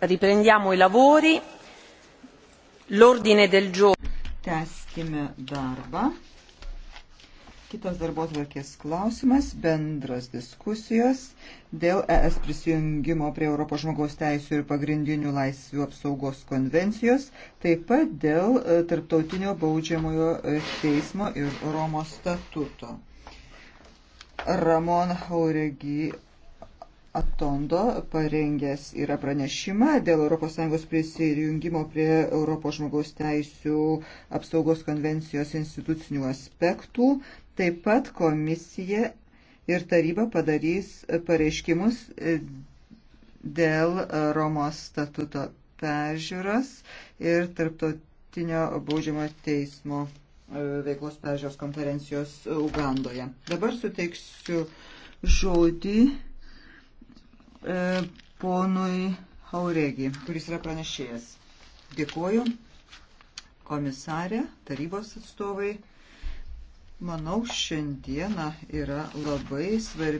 Riprendiamo i lavori. L'ordine del giorno. Teskime darbą. Kitas darbotvarkės klausimas - bendros diskusijos dėl ES prisijungimo prie Europos žmogaus teisų ir pagrindinių laisvių apsaugos konvencijos, taip pat dėl e, tarptautinio baudžiamojo e, teismo ir Romos statuto. Ramon Hauregi Atondo parengęs yra pranešimą dėl ES prisijungimo prie Europos žmogaus teisų apsaugos konvencijos institucinių aspektų. Taip pat komisija ir taryba padarys pareiškimus dėl Romos statuto peržiūros ir tarptautinio baudžiamo teismo e, veiklos peržiūros konferencijos Ugandoje. Dabar suteiksiu žodį e, ponui Hauregi, kuris yra pranešėjas. Dėkuoju komisarė, tarybos atstovai. Manau, šiandiena yra labai svarbi.